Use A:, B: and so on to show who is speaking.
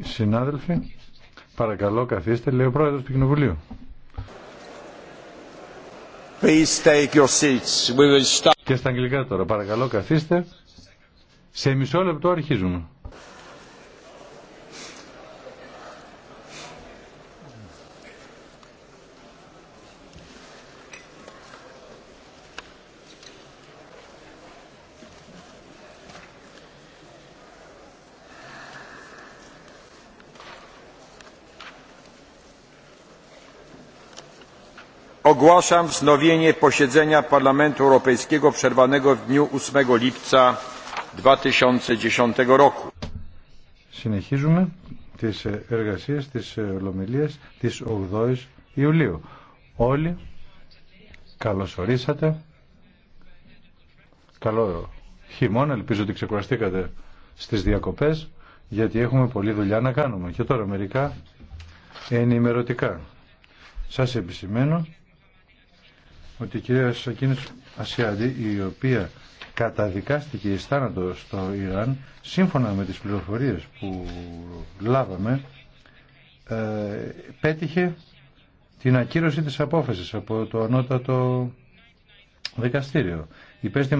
A: Συνάδελφοι, παρακαλώ καθίστε, λέει ο πρόεδρος του Κοινοβουλίου. Και στα αγγλικά τώρα, παρακαλώ καθίστε. Σε μισό λεπτό αρχίζουμε.
B: Ogłaszam wznowienie posiedzenia Parlamentu Europejskiego przerwanego w dniu 8 lipca 2010 roku.
A: Συνεχίζουμε τις εργασίες, της ολομιλίες της 8 Ιουλίου. Όλοι ορίσατε. Καλό χειμώνα, ελπίζω ότι ξεκουραστήκατε στις διακοπές, γιατί έχουμε πολλή δουλειά να κάνουμε. Και τώρα μερικά ενημερωτικά. Σας επισημαίνω ότι η κυρία Σακίνη Ασιάδη, η οποία καταδικάστηκε εις θάνατο στο Ιράν, σύμφωνα με τις πληροφορίες που λάβαμε, ε, πέτυχε την ακύρωση της απόφασης από το ανώτατο δικαστήριο. Υπέστη